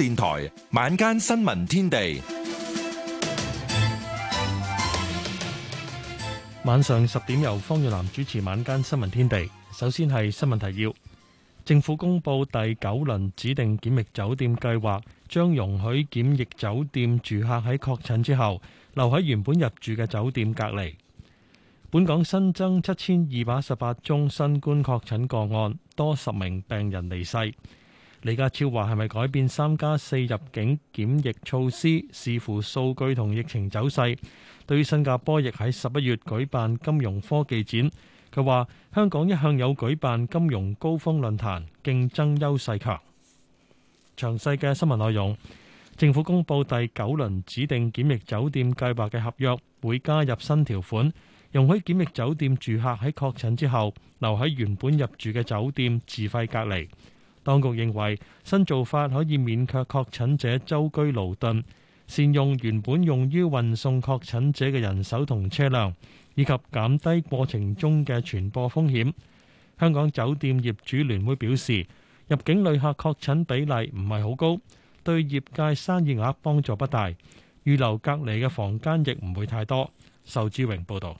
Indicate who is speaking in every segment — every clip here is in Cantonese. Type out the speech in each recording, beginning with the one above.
Speaker 1: 電台晚間新聞天地，
Speaker 2: 晚上十點由方月南主持晚間新聞天地。首先係新聞提要：政府公布第九輪指定檢疫酒店計劃，將容許檢疫酒店住客喺確診之後留喺原本入住嘅酒店隔離。本港新增七千二百一十八宗新冠確診個案，多十名病人離世。李家超話係咪改變三加四入境檢疫措施，視乎數據同疫情走勢。對於新加坡亦喺十一月舉辦金融科技展，佢話香港一向有舉辦金融高峰論壇，競爭優勢強。詳細嘅新聞內容，政府公布第九輪指定檢疫酒店計劃嘅合約會加入新條款，容許檢疫酒店住客喺確診之後留喺原本入住嘅酒店自費隔離。當局認為新做法可以免卻確診者舟車勞頓，善用原本用於運送確診者嘅人手同車輛，以及減低過程中嘅傳播風險。香港酒店業主聯會表示，入境旅客確診比例唔係好高，對業界生意額幫助不大，預留隔離嘅房間亦唔會太多。仇志榮報導。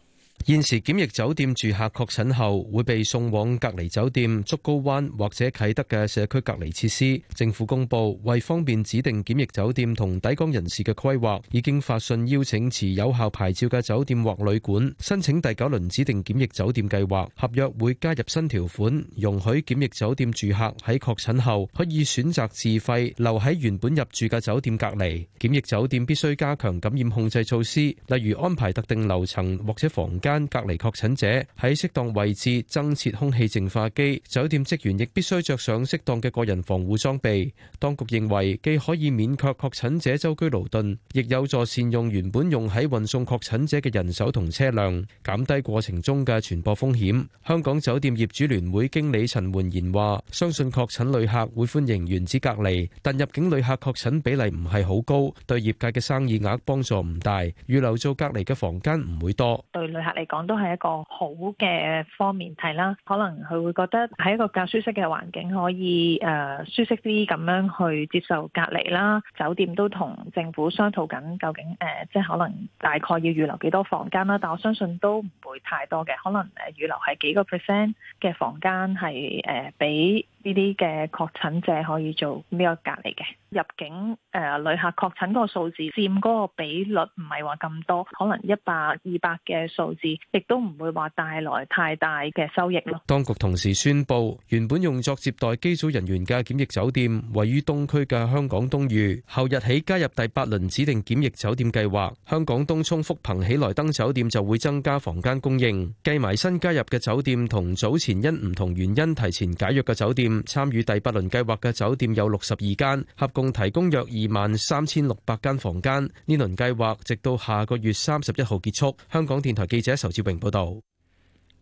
Speaker 3: 現時檢疫酒店住客確診後，會被送往隔離酒店、竹篙灣或者啟德嘅社區隔離設施。政府公布，為方便指定檢疫酒店同抵港人士嘅規劃，已經發信邀請持有效牌照嘅酒店或旅館申請第九輪指定檢疫酒店計劃。合約會加入新條款，容許檢疫酒店住客喺確診後可以選擇自費留喺原本入住嘅酒店隔離。檢疫酒店必須加強感染控制措施，例如安排特定樓層或者房間。間隔離確診者喺適當位置增設空氣淨化機，酒店職員亦必須着上適當嘅個人防護裝備。當局認為，既可以免卻確診者周居勞頓，亦有助善用原本用喺運送確診者嘅人手同車輛，減低過程中嘅傳播風險。香港酒店業主聯會經理陳煥賢話，相信確診旅客會歡迎原址隔離，但入境旅客確診比例唔係好高，對業界嘅生意額幫助唔大，預留做隔離嘅房間唔會多。
Speaker 4: 對旅客嚟講都係一個好嘅方面睇啦，可能佢會覺得喺一個較舒適嘅環境可以誒、呃、舒適啲咁樣去接受隔離啦。酒店都同政府商討緊究竟誒、呃，即係可能大概要預留幾多房間啦。但我相信都唔會太多嘅，可能誒預留係幾個 percent 嘅房間係誒俾，呃比呢啲嘅確診者可以做呢個隔離嘅入境誒，旅客確診嗰個數字佔嗰個比率唔係話咁多，可能一百二百嘅數字，亦都唔會話帶來太大嘅收益咯。
Speaker 3: 當局同時宣布，原本用作接待機組人員嘅檢疫酒店，位於東區嘅香港東隅，後日起加入第八輪指定檢疫酒店計劃。香港東涌福朋喜來登酒店就會增加房間供應，計埋新加入嘅酒店同早前因唔同原因提前解約嘅酒店。參與第八輪計劃嘅酒店有六十二間，合共提供約二萬三千六百間房間。呢輪計劃直到下個月三十一號結束。香港電台記者仇志榮報道。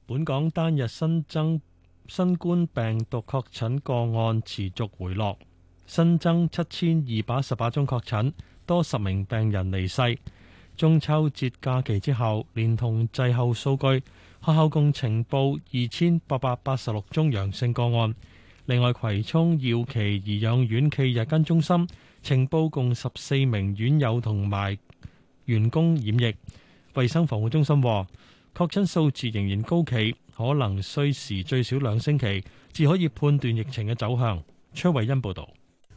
Speaker 2: 本港單日新增新冠病毒確診個案持續回落，新增七千二百十八宗確診，多十名病人離世。中秋節假期之後，連同滯後數據，學校共呈報二千八百八十六宗陽性個案。另外，葵涌耀奇頤養院暨日間中心呈報共十四名院友同埋員工染疫。衛生防護中心話，確診數字仍然高企，可能需時最少兩星期至可以判斷疫情嘅走向。崔慧欣報道。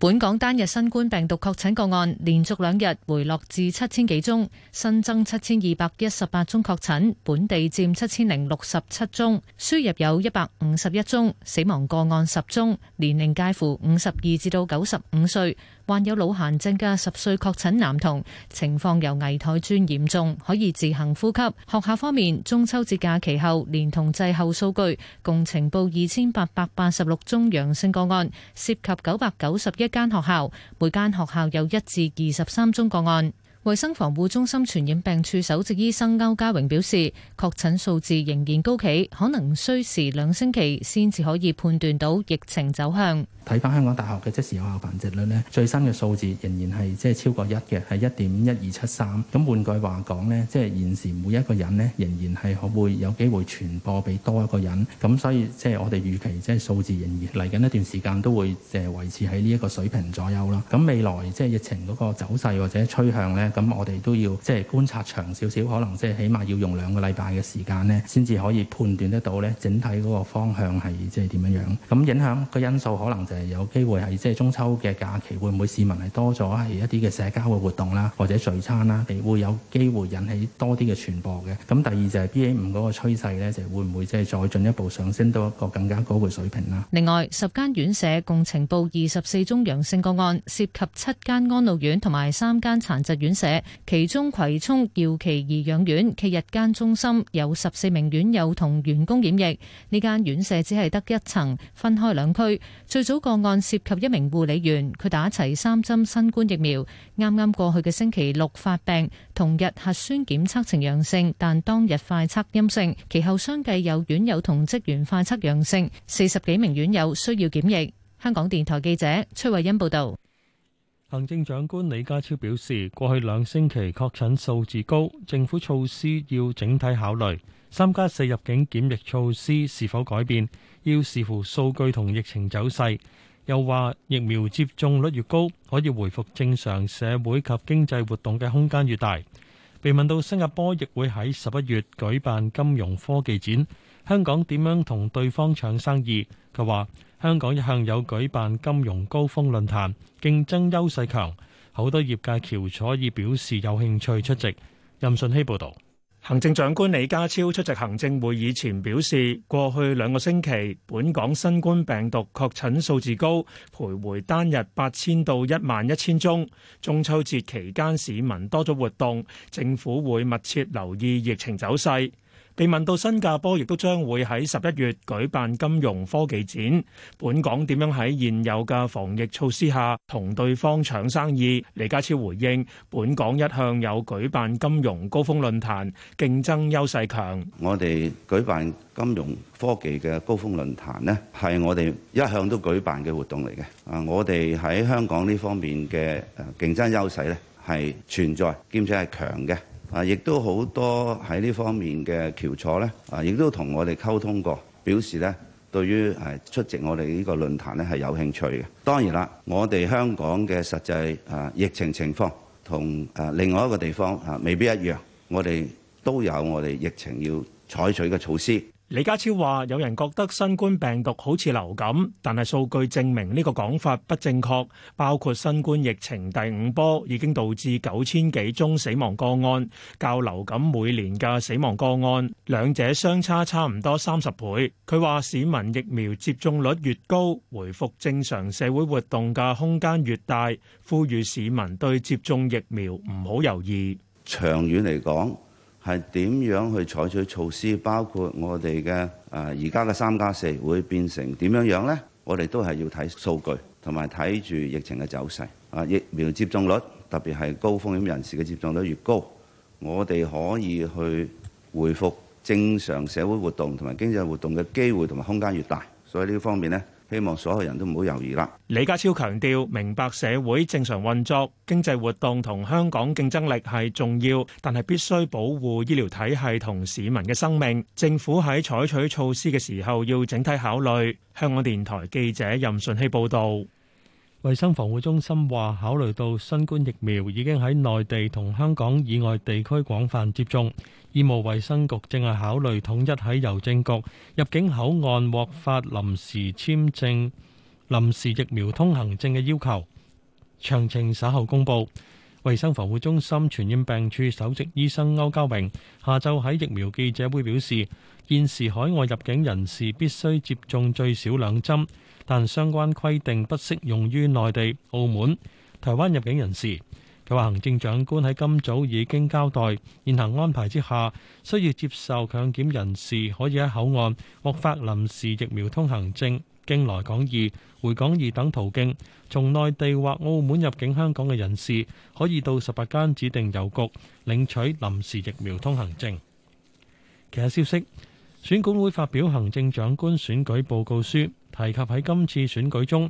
Speaker 4: 本港單日新冠病毒確診個案，連續兩日回落至七千幾宗，新增七千二百一十八宗確診，本地佔七千零六十七宗，輸入有一百五十一宗，死亡個案十宗，年齡介乎五十二至到九十五歲。患有腦癇症嘅十歲確診男童情況由危殆轉嚴重，可以自行呼吸。學校方面，中秋節假期後，連同滯後數據，共呈報二千八百八十六宗陽性個案，涉及九百九十一間學校，每間學校有一至二十三宗個案。衛生防護中心傳染病處首席醫生歐家榮表示，確診數字仍然高企，可能需時兩星期先至可以判斷到疫情走向。
Speaker 2: 睇翻香港大學嘅即時有效繁殖率咧，最新嘅數字仍然係即係超過一嘅，係一點一二七三。咁換句話講咧，即係現時每一個人咧仍然係會有機會傳播俾多一個人。咁所以即係我哋預期，即係數字仍然嚟緊一段時間都會誒維持喺呢一個水平左右咯。咁未來即係疫情嗰個走勢或者趨向呢。咁我哋都要即係觀察長少少，可能即係起碼要用兩個禮拜嘅時間咧，先至可以判斷得到咧，整體嗰個方向係即係點樣樣。咁影響個因素可能就係有機會係即係中秋嘅假期會唔會市民係多咗係一啲嘅社交嘅活動啦，或者聚餐啦，會有機會引起多啲嘅傳播嘅。咁第二就係 BA 五嗰個趨勢咧，就會唔會即係再進一步上升到一個更加高嘅水平啦？
Speaker 4: 另外，十間院舍共呈報二十四宗陽性個案，涉及七間安老院同埋三間殘疾院。社，其中葵涌耀奇頤養院其日間中心有十四名院友同員工染疫。呢間院舍只係得一層，分開兩區。最早個案涉及一名護理員，佢打齊三針新冠疫苗，啱啱過去嘅星期六發病，同日核酸檢測呈陽性，但當日快測陰性。其後相繼有院友同職員快測陽性，四十幾名院友需要檢疫。香港電台記者崔慧欣報道。
Speaker 2: 行政長官李家超表示，過去兩星期確診數字高，政府措施要整體考慮。三加四入境檢疫措施是否改變，要視乎數據同疫情走勢。又話疫苗接種率越高，可以回復正常社會及經濟活動嘅空間越大。被問到新加坡亦會喺十一月舉辦金融科技展，香港點樣同對方搶生意，佢話：香港一向有舉辦金融高峰論壇，競爭優勢強，好多業界翹楚已表示有興趣出席。任信希報導，行政長官李家超出
Speaker 5: 席行政會議前表示，過去兩個星期本港新冠病毒確診數字高，徘徊單日八千到一萬一千宗。中秋節期間市民多咗活動，政府會密切留意疫情走勢。被問到新加坡亦都將會喺十一月舉辦金融科技展，本港點樣喺現有嘅防疫措施下同對方搶生意？李家超回應：本港一向有舉辦金融高峰論壇，競爭優勢強。
Speaker 6: 我哋舉辦金融科技嘅高峰論壇呢，係我哋一向都舉辦嘅活動嚟嘅。啊，我哋喺香港呢方面嘅誒競爭優勢呢，係存在兼且係強嘅。啊，亦都好多喺呢方面嘅翹楚呢，啊，亦都同我哋溝通過，表示呢對於誒出席我哋呢個論壇呢係有興趣嘅。當然啦，我哋香港嘅實際啊疫情情況同啊另外一個地方啊未必一樣，我哋都有我哋疫情要採取嘅措施。
Speaker 5: 李家超話有人覺得新冠病毒好似流感，但係數據證明呢個講法不正確，包括新冠疫情第五波已經導致九千幾宗死亡個案，較流感每年嘅死亡個案，兩者相差差唔多三十倍。佢話市民疫苗接種率越高，回復正常社會活動嘅空間越大，呼籲市民對接種疫
Speaker 6: 苗唔好猶豫。長遠嚟講。係點樣去採取措施？包括我哋嘅誒而家嘅三加四會變成點樣樣呢？我哋都係要睇數據，同埋睇住疫情嘅走勢。啊，疫苗接種率特別係高風險人士嘅接種率越高，我哋可以去恢復正常社會活動同埋經濟活動嘅機會同埋空間越大。所以呢方面呢。希望所有人都唔好猶豫啦。
Speaker 5: 李家超強調，明白社會正常運作、經濟活動同香港競爭力係重要，但係必須保護醫療體系同市民嘅生命。政府喺採取措施嘅時候要整體考慮。香港電台記者
Speaker 2: 任順希報導。衞生防護中心話，考慮到新冠疫苗已經喺內地同香港以外地區廣泛接種。醫務衛生局正係考慮統一喺郵政局入境口岸獲發臨時簽證、臨時疫苗通行證嘅要求，詳情稍後公佈。衞生防護中心傳染病處首席醫生歐家榮下晝喺疫苗記者會表示，現時海外入境人士必須接種最少兩針，但相關規定不適用於內地、澳門、台灣入境人士。佢話行政長官喺今早已經交代，現行安排之下，需要接受強檢人士可以喺口岸獲發臨時疫苗通行證，經來港二、回港二等途徑，從內地或澳門入境香港嘅人士，可以到十八間指定郵局領取臨時疫苗通行證。其他消息，選管會發表行政長官選舉報告書，提及喺今次選舉中，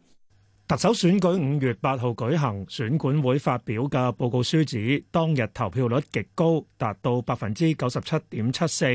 Speaker 2: 特首
Speaker 5: 選舉五月八號舉行，選管會發表嘅報告書指，當日投票率極高，達到百分之九十七點七四，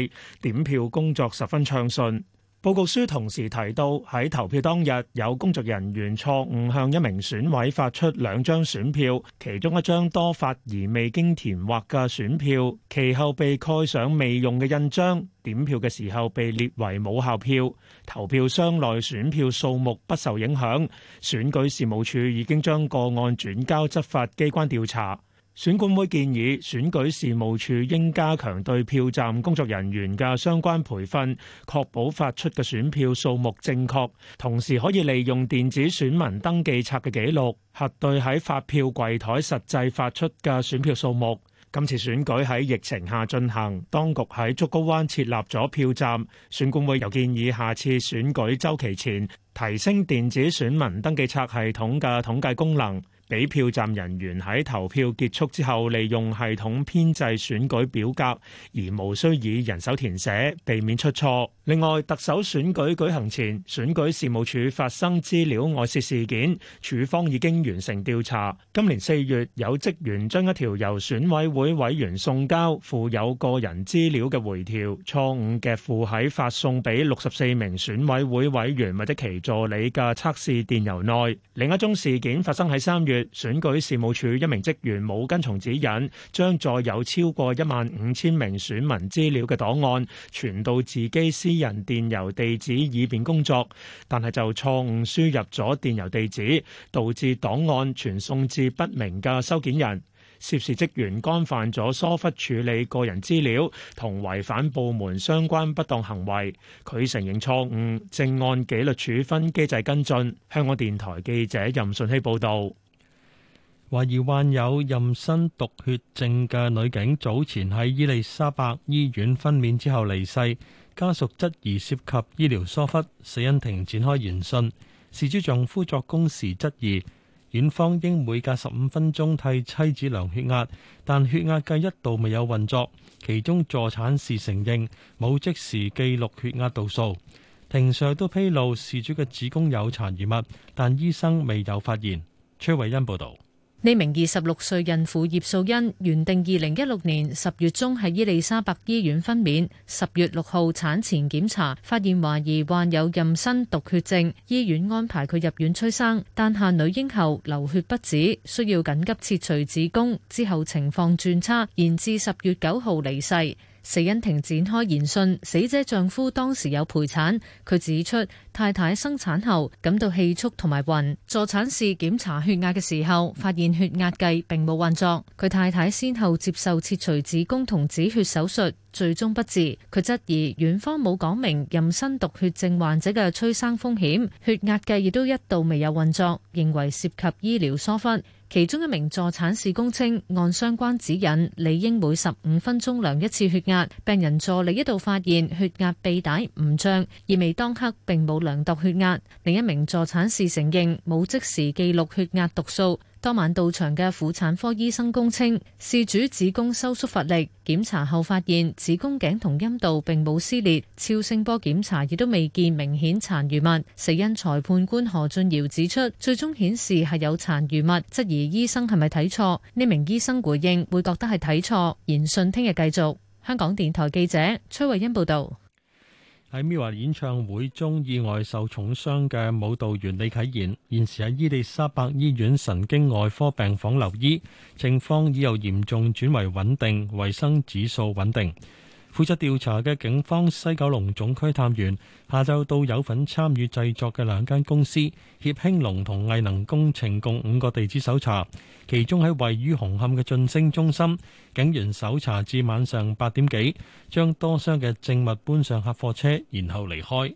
Speaker 5: 點票工作十分暢順。報告書同時提到，喺投票當日有工作人員錯誤向一名選委發出兩張選票，其中一張多發而未經填劃嘅選票，其後被蓋上未用嘅印章，點票嘅時候被列為冇效票。投票箱內選票數目不受影響。選舉事務處已經將個案轉交執法機關調查。選管會建議選舉事務處應加強對票站工作人員嘅相關培訓，確保發出嘅選票數目正確。同時可以利用電子選民登記冊嘅記錄，核對喺發票櫃枱實際發出嘅選票數目。今次選舉喺疫情下進行，當局喺竹篙灣設立咗票站。選管會又建議下次選舉週期前，提升電子選民登記冊系統嘅統計功能。俾票站人員喺投票結束之後，利用系統編製選舉表格，而無需以人手填寫，避免出錯。另外，特首選舉舉行前，選舉事務處發生資料外泄事，事件，處方已經完成調查。今年四月，有職員將一條由選委會委員送交附有個人資料嘅回條錯誤嘅附喺發送俾六十四名選委會委員或者其助理嘅測試電郵內，另一宗事件發生喺三月。選舉事務處一名職員冇跟從指引，將載有超過一萬五千名選民資料嘅檔案傳到自己私人電郵地址以便工作，但係就錯誤輸入咗電郵地址，導致檔案傳送至不明嘅收件人。涉事職員干犯咗疏忽處理個人資料同違反部門相關不當行為，佢承認錯誤，正按紀律處分機制跟進。香港電台記者任
Speaker 2: 信希報道。懷疑患有妊娠毒血症嘅女警，早前喺伊利沙伯醫院分娩之後離世，家屬質疑涉及醫療疏忽。死因庭展開研訊，事主丈夫作供時質疑院方應每隔十五分鐘替妻子量血壓，但血壓計一度未有運作。其中助產士承認冇即時記錄血壓度數。庭上都披露事主嘅子宮有殘餘物，但醫生未有發現。崔偉恩報道。
Speaker 4: 呢名二十六歲孕婦葉素欣原定，二零一六年十月中喺伊利沙伯醫院分娩，十月六號產前檢查發現懷疑患有妊娠毒血症，醫院安排佢入院催生，誕下女嬰後流血不止，需要緊急切除子宮，之後情況轉差，延至十月九號離世。死因庭展開研訊，死者丈夫當時有陪產。佢指出太太生產後感到氣促同埋暈，助產士檢查血壓嘅時候發現血壓計並冇運作。佢太太先後接受切除子宮同止血手術，最終不治。佢質疑院方冇講明妊娠毒血症患者嘅催生風險，血壓計亦都一度未有運作，認為涉及醫療疏忽。其中一名助產士供稱，按相關指引，理應每十五分鐘量一次血壓。病人助理一度發現血壓臂帶唔脹，意味當刻並冇量度血壓。另一名助產士承認冇即時記錄血壓讀數。當晚到場嘅婦產科醫生供稱，事主子宮收縮乏力，檢查後發現子宮頸同陰道並冇撕裂，超聲波檢查亦都未見明顯殘餘物。死因裁判官何俊堯指出，最終顯示係有殘餘物，質疑醫生係咪睇錯？呢名醫生回應會覺得係睇錯。研訊聽日繼續。香港電台記者崔慧欣報道。
Speaker 2: 喺《MIRROR 演唱會》中意外受重傷嘅舞蹈員李啟賢，現時喺伊利沙伯醫院神經外科病房留醫，情況已由嚴重轉為穩定，衛生指數穩定。負責調查嘅警方西九龍總區探員下晝到有份參與製作嘅兩間公司協興隆同藝能工程共五個地址搜查，其中喺位於紅磡嘅晉升中心，警員搜查至晚上八點幾，將多箱嘅證物搬上客貨車，然後離開。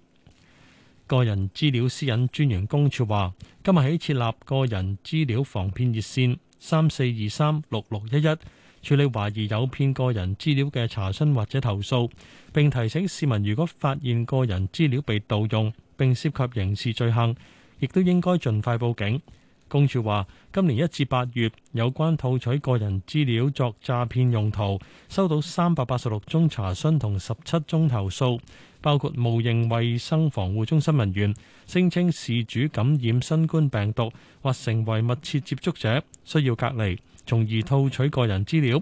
Speaker 2: 個人資料私隱專員公署話，今日喺設立個人資料防騙熱線三四二三六六一一。處理懷疑誘騙個人資料嘅查詢或者投訴，並提醒市民如果發現個人資料被盜用，並涉及刑事罪行，亦都應該盡快報警。公署話，今年一至八月有關套取個人資料作詐騙用途，收到三百八十六宗查詢同十七宗投訴，包括無形衞生防護中心人員聲稱事主感染新冠病毒或成為密切接觸者，需要隔離。從而套取個人資料，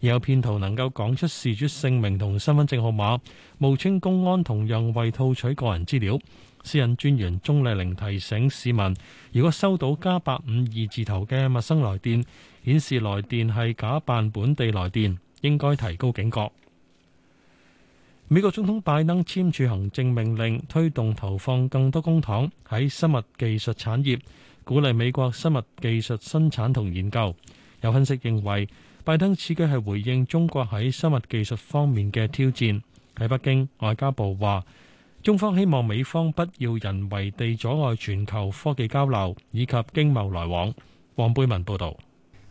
Speaker 2: 有騙徒能夠講出事主姓名同身份證號碼，冒稱公安，同樣為套取個人資料。私隱專員鍾麗玲提醒市民，如果收到加八五二字頭嘅陌生來電，顯示來電係假扮本地來電，應該提高警覺。美國總統拜登簽署行政命令，推動投放更多公帑喺生物技術產業，鼓勵美國生物技術生產同研究。有分析認為，拜登此舉係回應中國喺生物技術方面嘅挑戰。喺北京，外交部話，中方希望美方不要人為地阻礙全球科技交流以及經貿來往。黃貝文報導。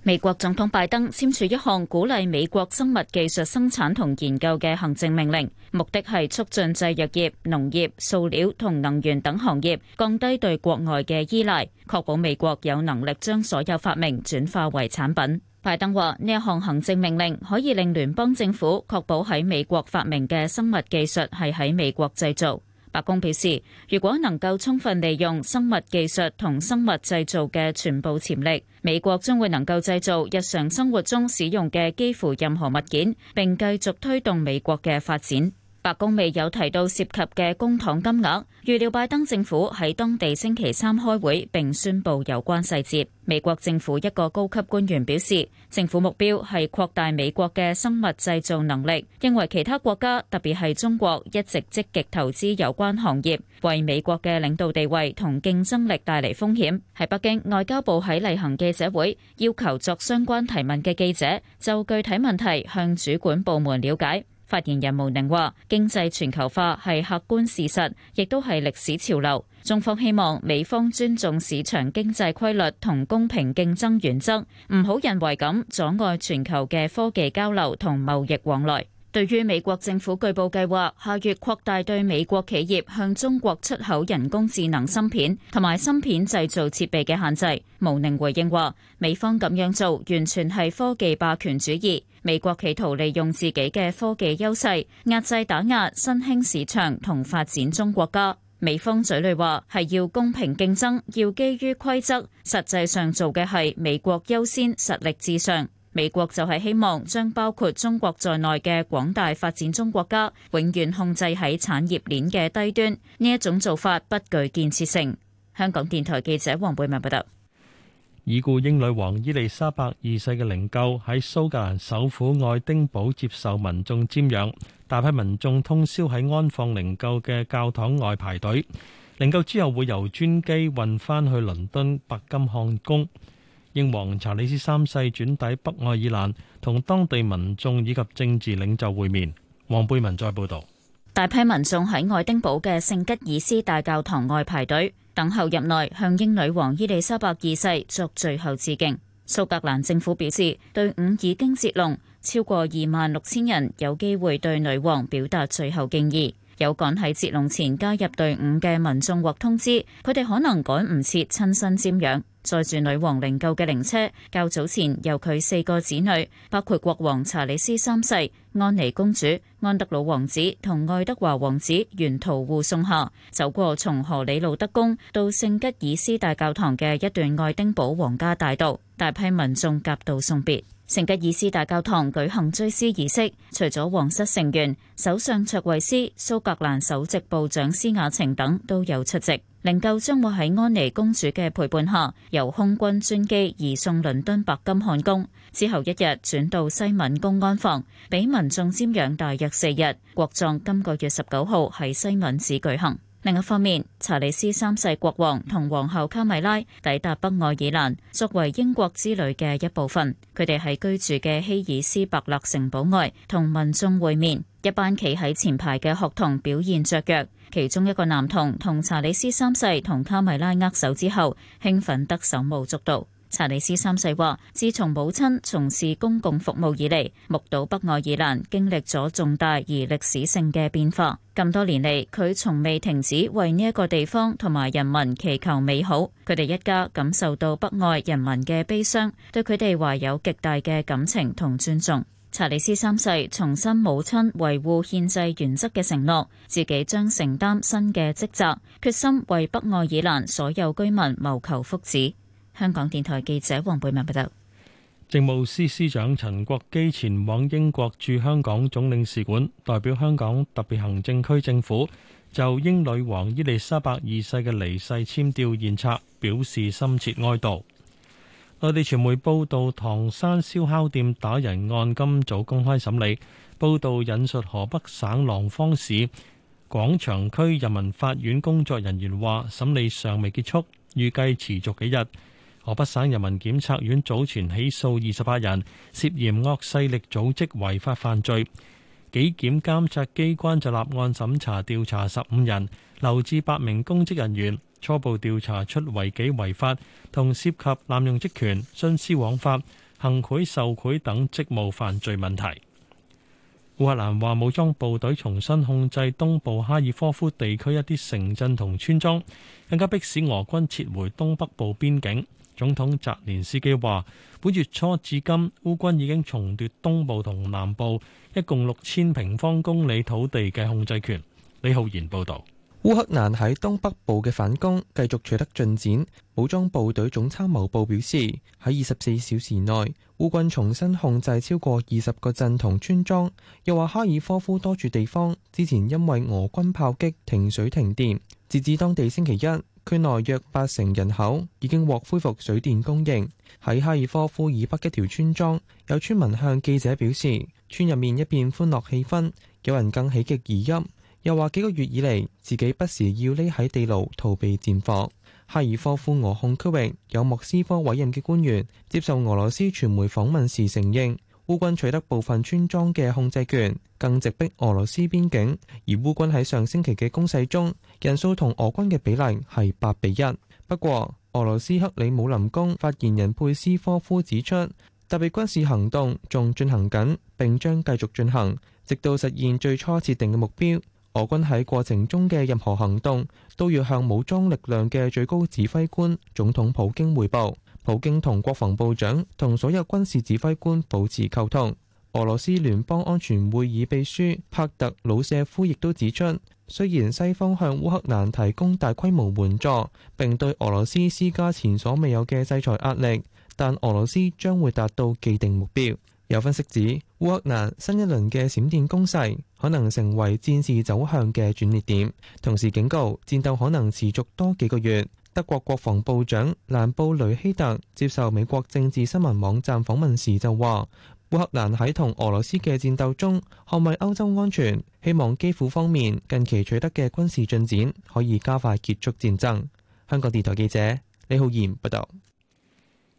Speaker 7: 美國總統拜登簽署一項鼓勵美國生物技術生產同研究嘅行政命令，目的係促進製藥業、農業、塑料同能源等行業，降低對國外嘅依賴，確保美國有能力將所有發明轉化為產品。拜登話，呢一項行政命令可以令聯邦政府確保喺美國發明嘅生物技術係喺美國製造。白宮表示，如果能夠充分利用生物技術同生物製造嘅全部潛力，美國將會能夠製造日常生活中使用嘅幾乎任何物件，並繼續推動美國嘅發展。白宮未有提到涉及嘅公帑金額，預料拜登政府喺當地星期三開會並宣布有關細節。美國政府一個高級官員表示，政府目標係擴大美國嘅生物製造能力，認為其他國家，特別係中國，一直積極投資有關行業，為美國嘅領導地位同競爭力帶嚟風險。喺北京，外交部喺例行記者會要求作相關提問嘅記者就具體問題向主管部門了解。發言人毛寧話：經濟全球化係客觀事實，亦都係歷史潮流。中方希望美方尊重市場經濟規律同公平競爭原則，唔好人為咁阻礙全球嘅科技交流同貿易往來。對於美國政府據報計劃下月擴大對美國企業向中國出口人工智能芯片同埋芯片製造設備嘅限制，毛寧回應話：美方咁樣做完全係科技霸權主義，美國企圖利用自己嘅科技優勢壓制打壓新興市場同發展中國家。美方嘴裏話係要公平競爭，要基於規則，實際上做嘅係美國優先、實力至上。美國就係希望將包括中國在內嘅廣大發展中國家永遠控制喺產業鏈嘅低端，呢一種做法不具建設性。香港電台記者黃貝文報道。
Speaker 2: 已故英女王伊麗莎白二世嘅靈柩喺蘇格蘭首府愛丁堡接受民眾瞻仰，大批民眾通宵喺安放靈柩嘅教堂外排隊。靈柩之後會由專機運返去倫敦白金漢宮。英王查理斯三世轉抵北愛爾蘭，同當地民眾以及政治領袖會面。黃貝文再報道，
Speaker 7: 大批民眾喺愛丁堡嘅聖吉爾斯大教堂外排隊等候入內，向英女王伊麗莎白二世作最後致敬。蘇格蘭政府表示，隊伍已經接龍，超過二萬六千人有機會對女王表達最後敬意。有趕喺截龍前加入隊伍嘅民眾獲通知，佢哋可能趕唔切親身瞻仰載住女王靈柩嘅靈車，較早前由佢四個子女，包括國王查理斯三世、安妮公主、安德魯王子同愛德華王子，沿途護送下，走過從荷里路德宮到聖吉爾斯大教堂嘅一段愛丁堡皇家大道，大批民眾夾道送別。聖吉爾斯大教堂舉行追思儀式，除咗皇室成員，首相卓慧思、蘇格蘭首席部長施雅晴等都有出席。靈柩將會喺安妮公主嘅陪伴下，由空軍專機移送倫敦白金漢宮，之後一日轉到西敏宮安放，俾民眾瞻仰大約四日。國葬今個月十九號喺西敏寺舉行。另一方面，查理斯三世國王同皇后卡米拉抵達北愛爾蘭作為英國之旅嘅一部分。佢哋喺居住嘅希爾斯伯勒城堡外同民眾會面。一班企喺前排嘅學童表現雀躍，其中一個男童同查理斯三世同卡米拉握手之後興奮得手舞足蹈。查理斯三世話自從母親從事公共服務以嚟，目睹北愛爾蘭經歷咗重大而歷史性嘅變化。咁多年嚟，佢從未停止為呢一個地方同埋人民祈求美好。佢哋一家感受到北愛人民嘅悲傷，對佢哋懷有極大嘅感情同尊重。查理斯三世重申母親維護憲制原則嘅承諾，自己將承擔新嘅職責，決心為北愛爾蘭所有居民謀求福祉。香港電台記者王貝文報道，
Speaker 2: 政務司司長陳國基前往英國駐香港總領事館，代表香港特別行政區政府就英女王伊麗莎白二世嘅離世簽弔唁冊，表示深切哀悼。內地傳媒報道，唐山燒烤店打人案今早公開審理。報道引述河北省廊坊市廣陽區人民法院工作人員話，審理尚未結束，預計持續幾日。河北省人民檢察院早前起訴二十八人涉嫌惡勢力組織違法犯罪，紀檢監察機關就立案審查調查十五人，留置八名公職人員，初步調查出違紀違法同涉及濫用職權、徇私枉法、行賄受賄等職務犯罪問題。烏克蘭話武裝部隊重新控制東部哈爾科夫地區一啲城鎮同村莊，更加迫使俄軍撤回東北部邊境。總統澤連斯基話：本月初至今，烏軍已經重奪東部同南部一共六千平方公里土地嘅控制權。李浩然報導。
Speaker 8: 烏克蘭喺東北部嘅反攻繼續取得進展，武裝部隊總參謀部表示喺二十四小時內，烏軍重新控制超過二十個鎮同村莊。又話哈爾科夫多處地方之前因為俄軍炮擊停水停電，截至當地星期一。區內約八成人口已經獲恢復水電供應。喺哈爾科夫以北一條村莊，有村民向記者表示，村入面一片歡樂氣氛，有人更喜極而泣。又話幾個月以嚟，自己不時要匿喺地牢逃避戰火。哈爾科夫俄控區域有莫斯科委任嘅官員接受俄羅斯傳媒訪問時承認。烏軍取得部分村莊嘅控制權，更直逼俄羅斯邊境。而烏軍喺上星期嘅攻勢中，人數同俄軍嘅比例係八比一。不過，俄羅斯克里姆林宮發言人佩斯科夫指出，特別軍事行動仲進行緊，並將繼續進行，直到實現最初設定嘅目標。俄軍喺過程中嘅任何行動都要向武裝力量嘅最高指揮官總統普京匯報。普京同國防部長同所有軍事指揮官保持溝通。俄羅斯聯邦安全會議秘書帕特魯舍夫亦都指出，雖然西方向烏克蘭提供大規模援助，並對俄羅斯施加前所未有嘅制裁壓力，但俄羅斯將會達到既定目標。有分析指，烏克蘭新一輪嘅閃電攻勢可能成為戰事走向嘅轉捩點，同時警告戰鬥可能持續多幾個月。德國國防部長蘭布雷希特接受美國政治新聞網站訪問時就話，烏克蘭喺同俄羅斯嘅戰鬥中捍衛歐洲安全，希望基輔方面近期取得嘅軍事進展可以加快結束戰爭。香港電台記者李浩然報道。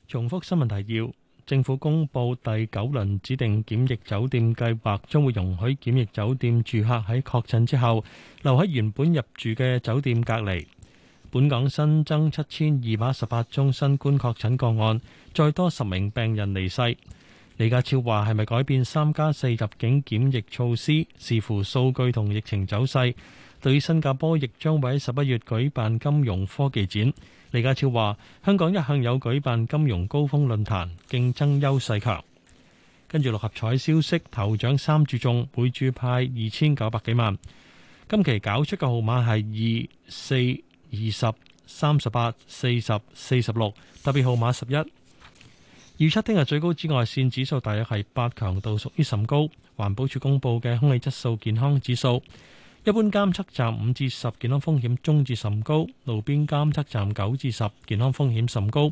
Speaker 2: 重複新聞提要：政府公布第九輪指定檢疫酒店計劃，將會容許檢疫酒店住客喺確診之後留喺原本入住嘅酒店隔離。本港新增七千二百一十八宗新冠確診個案，再多十名病人離世。李家超話係咪改變三加四入境檢疫措施，視乎數據同疫情走勢。對於新加坡亦將會喺十一月舉辦金融科技展，李家超話香港一向有舉辦金融高峰論壇，競爭優勢強。跟住六合彩消息，頭獎三注中，每注派二千九百幾萬。今期搞出嘅號碼係二四。二十三、十八、四十四、十六，特別號碼十一。預測聽日最高紫外線指數大約係八，強度屬於甚高。環保署公布嘅空氣質素健康指數，一般監測站五至十健康風險中至甚高，路邊監測站九至十健康風險甚高。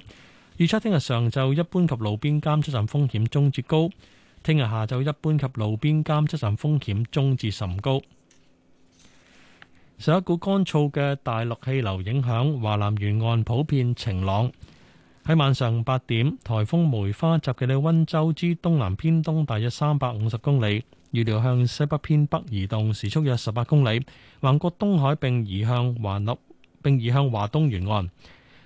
Speaker 2: 預測聽日上晝一般及路邊監測站風險中至高，聽日下晝一般及路邊監測站風險中至甚高。受一股乾燥嘅大陸氣流影響，華南沿岸普遍晴朗。喺晚上八點，颱風梅花集結喺溫州之東南偏東大約三百五十公里，預料向西北偏北移動，時速約十八公里，橫過東海並移向華立並移向華東沿岸。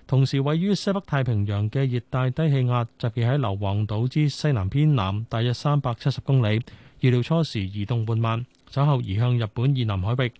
Speaker 2: 同時，位於西北太平洋嘅熱帶低氣壓集結喺硫磺島之西南偏南大約三百七十公里，預料初時移動緩慢，稍後移向日本以南海域。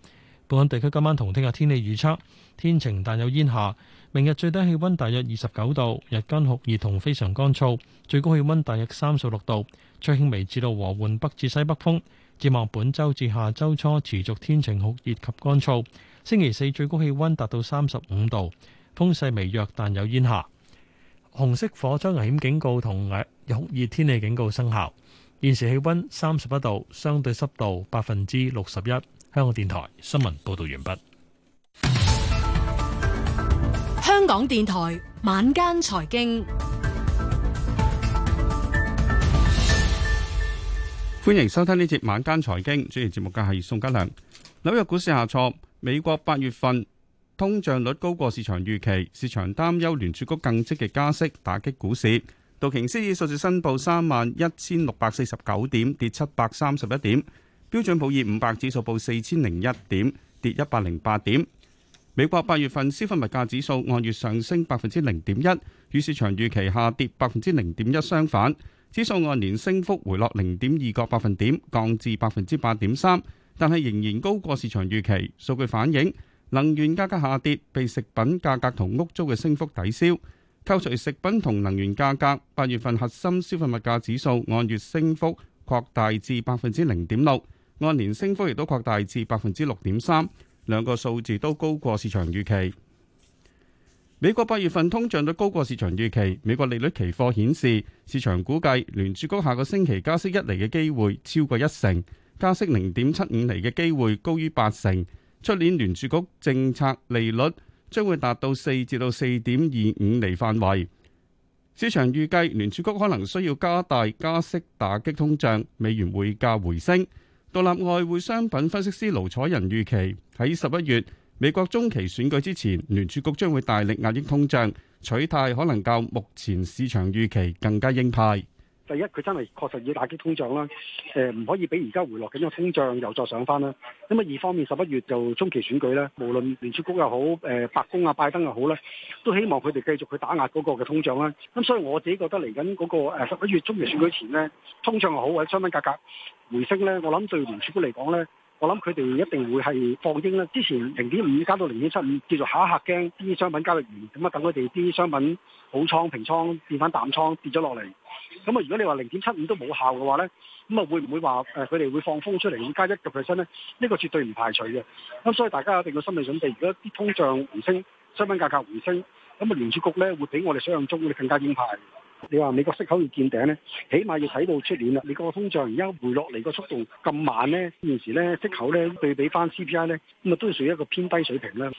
Speaker 2: 本港地區今晚同聽日天氣預測，天晴但有煙霞，明日最低氣溫大約二十九度，日間酷熱同非常乾燥，最高氣溫大約三十六度，吹輕微至到和緩北至西北風。展望本周至下周初持續天晴酷熱及乾燥，星期四最高氣溫達到三十五度，風勢微弱但有煙霞，紅色火災危險警告同酷熱天氣警告生效。現時氣溫三十一度，相對濕度百分之六十一。香港電台新聞報道完畢。
Speaker 4: 香港電台晚間財經，
Speaker 9: 歡迎收聽呢節晚間財經。主持節目嘅係宋家良。紐約股市下挫，美國八月份通脹率高過市場預期，市場擔憂聯儲局更積極加息打擊股市。道瓊斯指數申報三萬一千六百四十九點，跌七百三十一點。標準普爾五百指數報四千零一點，跌一百零八點。美國八月份消費物價指數按月上升百分之零點一，與市場預期下跌百分之零點一相反。指數按年升幅回落零點二個百分點，降至百分之八點三，但係仍然高過市場預期。數據反映，能源價格下跌被食品價格同屋租嘅升幅抵消。扣除食品同能源價格，八月份核心消費物價指數按月升幅擴大至百分之零點六。按年升幅亦都擴大至百分之六點三，兩個數字都高過市場預期。美國八月份通脹都高過市場預期。美國利率期貨顯示，市場估計聯儲局下個星期加息一厘嘅機會超過一成，加息零點七五厘嘅機會高於八成。出年聯儲局政策利率將會達到四至到四點二五厘範圍。市場預計聯儲局可能需要加大加息打擊通脹，美元匯價回升。獨立外匯商品分析師盧彩仁預期，喺十一月美國中期選舉之前，聯儲局將會大力壓抑通脹，取態可能較目前市場預期更加鷹派。
Speaker 10: 第一，佢真係確實要打擊通脹啦，誒、呃、唔可以俾而家回落緊嘅通脹又再上返啦。咁啊二方面，十一月就中期選舉咧，無論聯儲局又好，誒、呃、白宮啊拜登又好咧，都希望佢哋繼續去打壓嗰個嘅通脹啦。咁、嗯、所以我自己覺得嚟緊嗰個十一月中期選舉前咧，通脹又好或者商品價格回升咧，我諗對聯儲局嚟講咧。我諗佢哋一定會係放鷹啦。之前零點五加到零點七五，叫做下一刻驚啲商品交易員咁啊，等佢哋啲商品好倉平倉變翻淡倉跌咗落嚟。咁啊，如果你 7, 話零點七五都冇效嘅話咧，咁啊會唔會話誒佢哋會放風出嚟加一 percent 咧？呢、這個絕對唔排除嘅。咁所以大家一定要心理準備。如果啲通脹回升，商品價格回升，咁啊，聯儲局咧會比我哋想象中咧會更加鷹派。你話美國息口要見頂呢，起碼要睇到出年啦。你個通脹而家回落嚟個速度咁慢呢，現時呢息口呢，對比翻 CPI 呢，咁啊都係屬於一個偏低水平啦。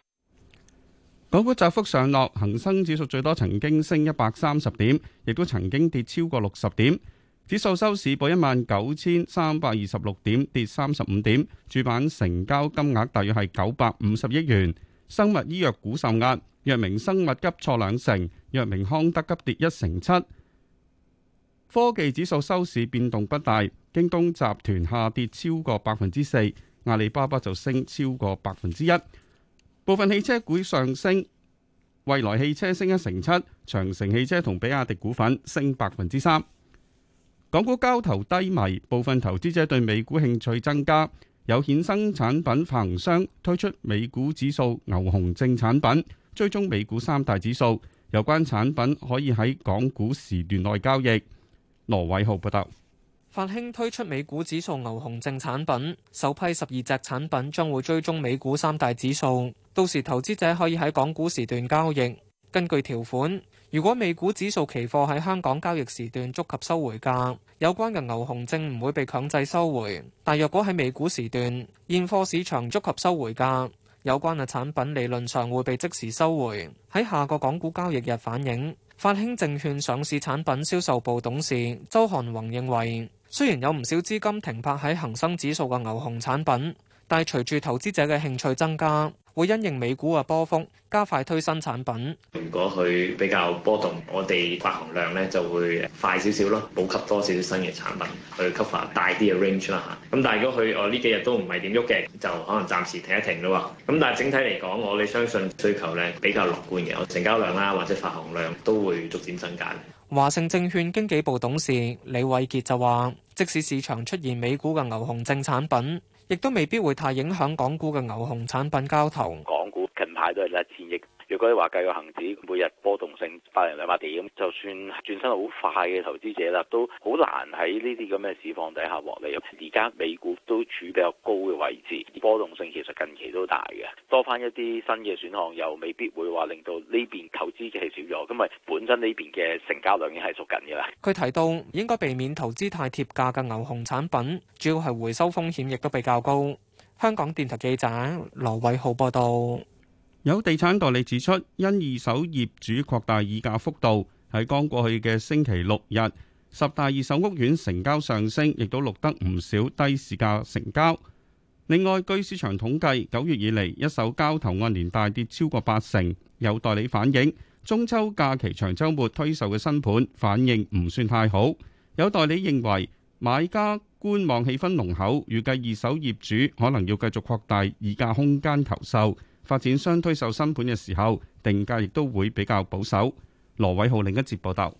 Speaker 9: 港股窄幅上落，恒生指數最多曾經升一百三十點，亦都曾經跌超過六十點。指數收市報一萬九千三百二十六點，跌三十五點。主板成交金額大約係九百五十億元。生物醫藥股受壓，藥明生物急挫兩成。藥明康德急跌一成七，科技指數收市變動不大。京東集團下跌超過百分之四，阿里巴巴就升超過百分之一。部分汽車股上升，蔚來汽車升一成七，長城汽車同比亞迪股份升百分之三。港股交投低迷，部分投資者對美股興趣增加，有衍生產品發行商推出美股指數牛熊證產品，追蹤美股三大指數。有關產品可以喺港股時段內交易。羅偉浩報道，
Speaker 11: 法興推出美股指數牛熊證產品，首批十二隻產品將會追蹤美股三大指數。到時投資者可以喺港股時段交易。根據條款，如果美股指數期貨喺香港交易時段觸及收回價，有關嘅牛熊證唔會被強制收回。但若果喺美股時段，現貨市場觸及收回價。有關嘅產品理論上會被即時收回，喺下個港股交易日反映。法興證券上市產品銷售部董事周韓宏認為，雖然有唔少資金停泊喺恒生指數嘅牛熊產品，但係隨住投資者嘅興趣增加，會因應美股嘅波幅加快推新產品。
Speaker 5: 如果佢比較波動，我哋發行量咧就會快少少咯，補給多少少新嘅產品去吸發大啲嘅 range 啦嚇。咁但係如果佢我呢幾日都唔係點喐嘅，就可能暫時停一停咯。咁但係整體嚟講，我哋相信需求咧比較樂觀嘅，成交量啦或者發行量都會逐漸增加。
Speaker 11: 華盛證券經紀部董事李偉傑就話：即使市場出現美股嘅牛熊證產品。亦都未必會太影響港股嘅牛熊產品交投。港股
Speaker 5: 近排都係一千億。佢話計個恆指每日波動性百零兩百點就算轉身好快嘅投資者啦，都好難喺呢啲咁嘅市況底下獲利。而家美股都處比較高嘅位置，波動性其實近期都大嘅，多翻一啲新嘅選項，又未必會話令到呢邊投資嘅人少咗，咁咪本身呢邊嘅成
Speaker 11: 交量已經係縮緊嘅啦。佢提到應該避免投資太貼價嘅牛熊產品，主要係回收風險亦都比較高。香港電台記者
Speaker 9: 羅偉浩報道。有地產代理指出，因二手業主擴大議價幅度，喺剛過去嘅星期六日，十大二手屋苑成交上升，亦都錄得唔少低市價成交。另外，據市場統計，九月以嚟一手交投按年大跌超過八成，有代理反映中秋假期長周末推售嘅新盤反應唔算太好。有代理認為買家觀望氣氛濃厚，預計二手業主可能要繼續擴大議價空間求售。發展商推售新盤嘅時候，定價亦都會比較保守。羅偉浩另一節報道：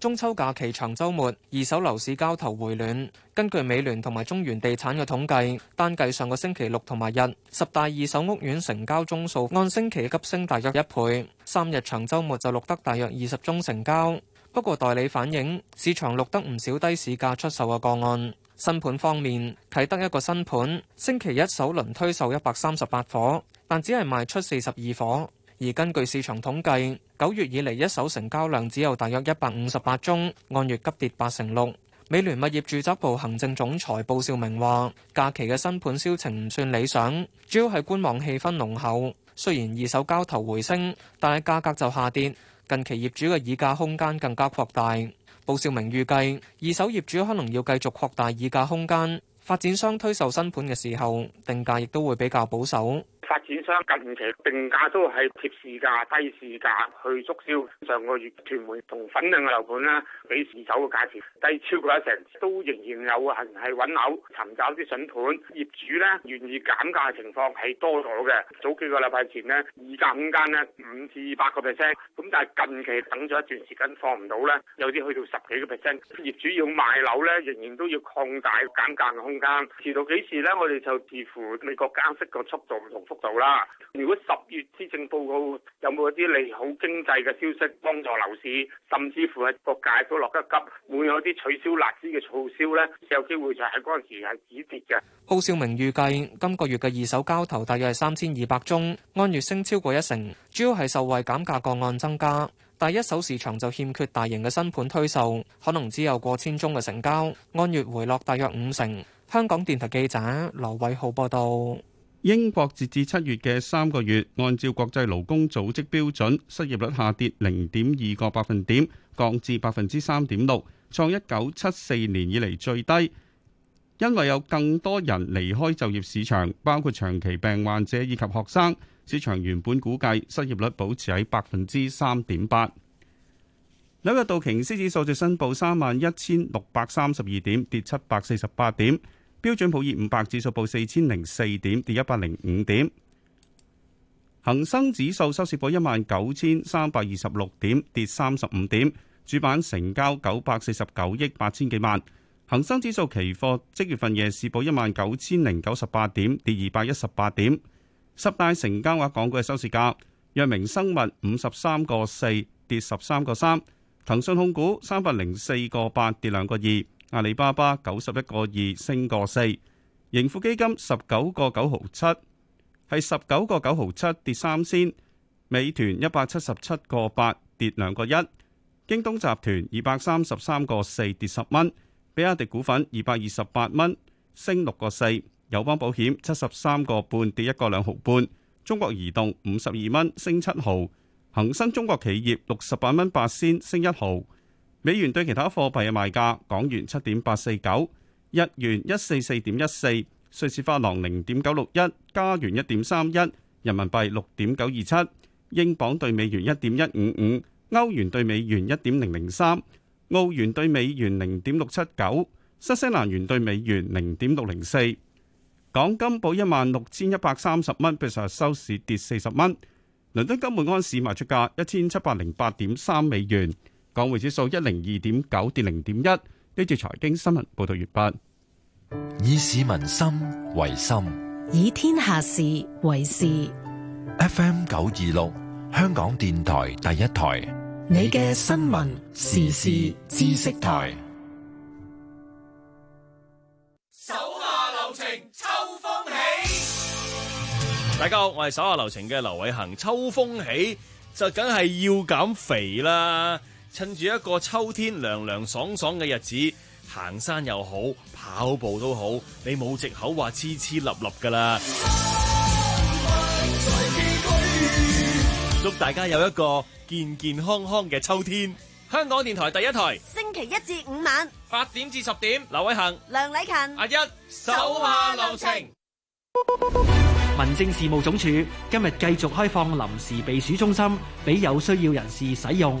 Speaker 11: 中秋假期長周末，二手樓市交投回暖。根據美聯同埋中原地產嘅統計，單計上個星期六同埋日，十大二手屋苑成交宗數按星期急升，大約一倍。三日長周末就錄得大約二十宗成交。不過，代理反映市場錄得唔少低市價出售嘅個案。新盤方面，啟德一個新盤，星期一首輪推售一百三十八伙。但只係賣出四十二伙，而根據市場統計，九月以嚟一手成交量只有大約一百五十八宗，按月急跌八成六。美聯物業住宅部行政總裁布少明話：假期嘅新盤銷情唔算理想，主要係觀望氣氛濃厚。雖然二手交投回升，但係價格就下跌，近期業主嘅議價空間更加擴大。布少明預計二手業主可能要繼續擴大議價空間，發展商推售新盤嘅時候定價亦都會比較保守。
Speaker 5: 發展商近期定價都係貼市價、低市價去促銷。上個月屯門同粉嶺嘅樓盤呢，比市手嘅價錢低超過一成，都仍然有人係揾樓、尋找啲筍盤，業主呢願意減價嘅情況係多咗嘅。早幾個禮拜前呢，議價空間呢，五至八個 percent，咁但係近期等咗一段時間放唔到呢，有啲去到十幾個 percent。業主要賣樓呢，仍然都要擴大減價嘅空間。遲到幾時呢？我哋就視乎美國加息個速度同幅。到啦！如果十月施政報告有冇一啲利好經濟嘅消息幫助樓市，甚至乎係各界都落得急，會有啲取消辣招嘅促銷呢，有機會就喺嗰陣時係止跌
Speaker 11: 嘅。浩少明預計今個月嘅二手交投大約係三千二百宗，按月升超過一成，主要係受惠減價個案增加。但一手市場就欠缺大型嘅新盤推售，可能只有過千宗嘅成交，按月回落大約五成。香港電台記者羅偉浩報道。
Speaker 9: 英國截至七月嘅三個月，按照國際勞工組織標準，失業率下跌零點二個百分點，降至百分之三點六，創一九七四年以嚟最低。因為有更多人離開就業市場，包括長期病患者以及學生，市場原本估計失業率保持喺百分之三點八。紐約道瓊斯指數值申報三萬一千六百三十二點，跌七百四十八點。標準普爾五百指數報四千零四點，跌一百零五點。恒生指數收市報一萬九千三百二十六點，跌三十五點。主板成交九百四十九億八千幾萬。恒生指數期貨即月份夜市報一萬九千零九十八點，跌二百一十八點。十大成交額港股嘅收市價：藥明生物五十三個四，跌十三個三；騰訊控股三百零四個八，跌兩個二。阿里巴巴九十一個二升個四，盈富基金十九個九毫七，係十九個九毫七跌三仙；美團一百七十七個八跌兩個一，京東集團二百三十三個四跌十蚊，比亞迪股份二百二十八蚊升六個四，友邦保險七十三個半跌一個兩毫半，中國移動五十二蚊升七毫，恒生中國企業六十八蚊八仙升一毫。美元對其他貨幣嘅賣價：港元七點八四九，日元一四四點一四，瑞士法郎零點九六一，加元一點三一，人民幣六點九二七，英鎊對美元一點一五五，歐元對美元一點零零三，澳元對美元零點六七九，新西蘭元對美元零點六零四。港金報一萬六千一百三十蚊，比上日收市跌四十蚊。倫敦金每安士賣出價一千七百零八點三美元。港匯指數一零二點九跌零點一，呢段財經新聞報道完畢。以市民心為心，
Speaker 4: 以天下事為事。F
Speaker 1: M 九二六，香港電台第一台，
Speaker 11: 你嘅新聞時事
Speaker 1: 知識台。
Speaker 4: 手下
Speaker 7: 留情，秋風起。
Speaker 2: 大家好，我係手下留情嘅劉偉恒。秋風起就梗係要減肥啦。趁住一個秋天涼涼爽爽嘅日子，行山又好，跑步都好，你冇藉口話黐黐立立㗎喇！ 祝大家有一個健健康康嘅秋天。香港電台第
Speaker 8: 一台，
Speaker 11: 星期一至五晚八點至十點，劉偉恒、梁禮勤、阿一 21,、守下留情。
Speaker 8: 民政事務總署今日繼續開放臨時避暑中心，俾有需要人士使用。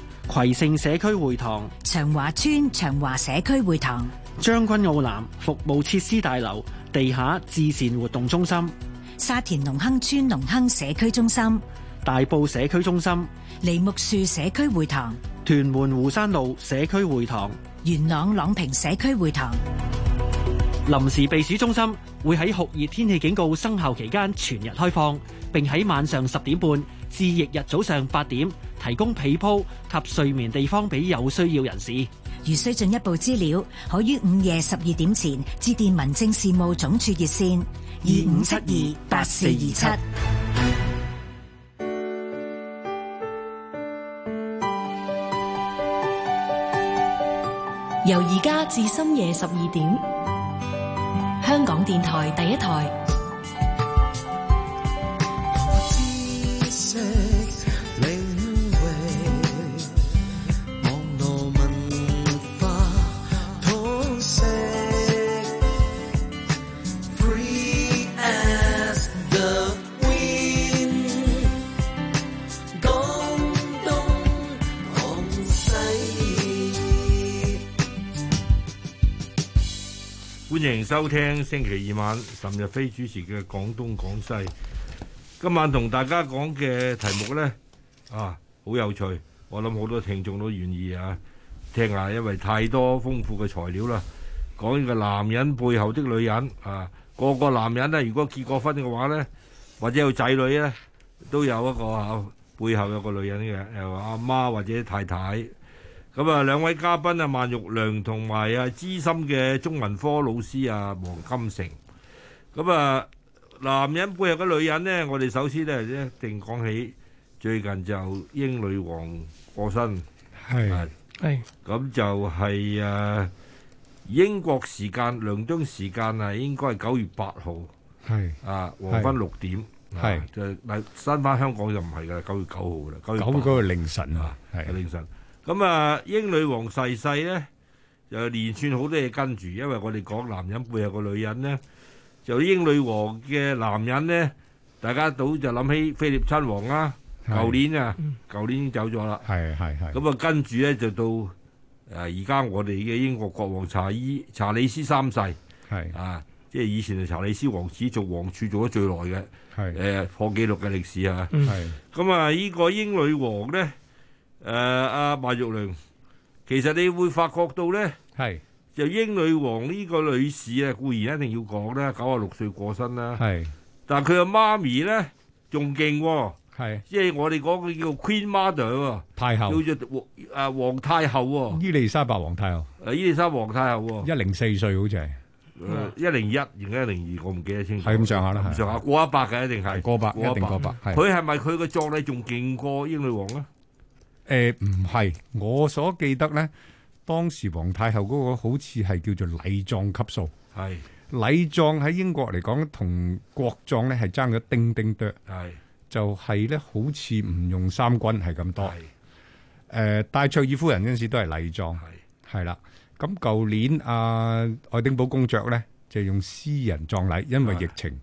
Speaker 8: 葵盛社區會堂、長華村長華社區會堂、將軍澳南服務設施大樓地下慈善活動中心、沙田隆亨村隆亨社區中心、大埔社區中心、
Speaker 4: 梨木樹社區會堂、
Speaker 8: 屯門湖山路社區會堂、
Speaker 4: 元朗朗平社區會堂、
Speaker 8: 臨時避暑中心會喺酷熱天氣警告生效期間全日開放，並喺晚上十點半至翌日早上八點。提供被鋪及睡眠地方俾有需要人士。
Speaker 4: 如需進一步資料，可於午夜十二點前致電民政事務總署熱線二五七二八四二七。由而家至深夜十二點，香港電台第一台。
Speaker 1: 歡迎收聽星期二晚岑日飛主持嘅廣東廣西。今晚同大家講嘅題目呢啊，好有趣，我諗好多聽眾都願意啊聽下，因為太多豐富嘅材料啦。講呢個男人背後的女人啊，個個男人呢，如果結過婚嘅話呢，或者有仔女呢，都有一個啊背後有個女人嘅，又阿媽或者太太。咁啊，兩位嘉賓啊，萬玉良同埋啊，資深嘅中文科老師啊，黃金城。咁啊，男人背後嘅女人咧，我哋首先咧一定講起最近就英女王過身，係，係，咁就係誒英國時間、倫敦時間啊，應該係九月八號，係，啊，黃昏六點，係，就但新返香港就唔係噶啦，九月九號啦，九月九號凌晨啊，係凌晨。咁啊，英女王逝世咧，又連串好多嘢跟住，因為我哋講男人背後個女人咧，就英女王嘅男人咧，大家都就諗起菲臘親王啦是。舊年啊，舊年已經走咗啦。係係係。咁啊，跟住咧就到誒，而家我哋嘅英國國王查伊查理斯三世。係啊，即係以前啊查理斯王子做王儲做王儲做咗最耐嘅。係誒破紀錄嘅歷史啊。係。咁啊，呢個英女王咧。誒，阿麥玉玲，其實你會發覺到咧，係就英女王呢個女士啊，固然一定要講啦，九十六歲過身啦，係，但係佢阿媽咪咧仲勁喎，係，即係我哋講嘅叫 Queen Mother 太后，叫作皇阿皇太后喎，伊麗莎白皇太后，誒，伊麗莎皇太后喎，一零四歲好似係，誒，一零一而家一零二，我唔記得清楚，係咁上下啦，咁上下過一百嘅一定係，過百一定過百，佢係咪佢個作歷仲勁過英女王咧？誒，唔係我所記得咧，當時皇太后嗰個好似係叫做禮葬級數，係禮葬，喺英國嚟講同國葬咧係爭咗丁丁多，係就係咧，好似唔用三軍係咁多，係，誒，戴卓爾夫人嗰陣時都係禮葬，係係啦。咁舊年阿愛丁堡公爵咧就係用私人葬禮，因為疫情。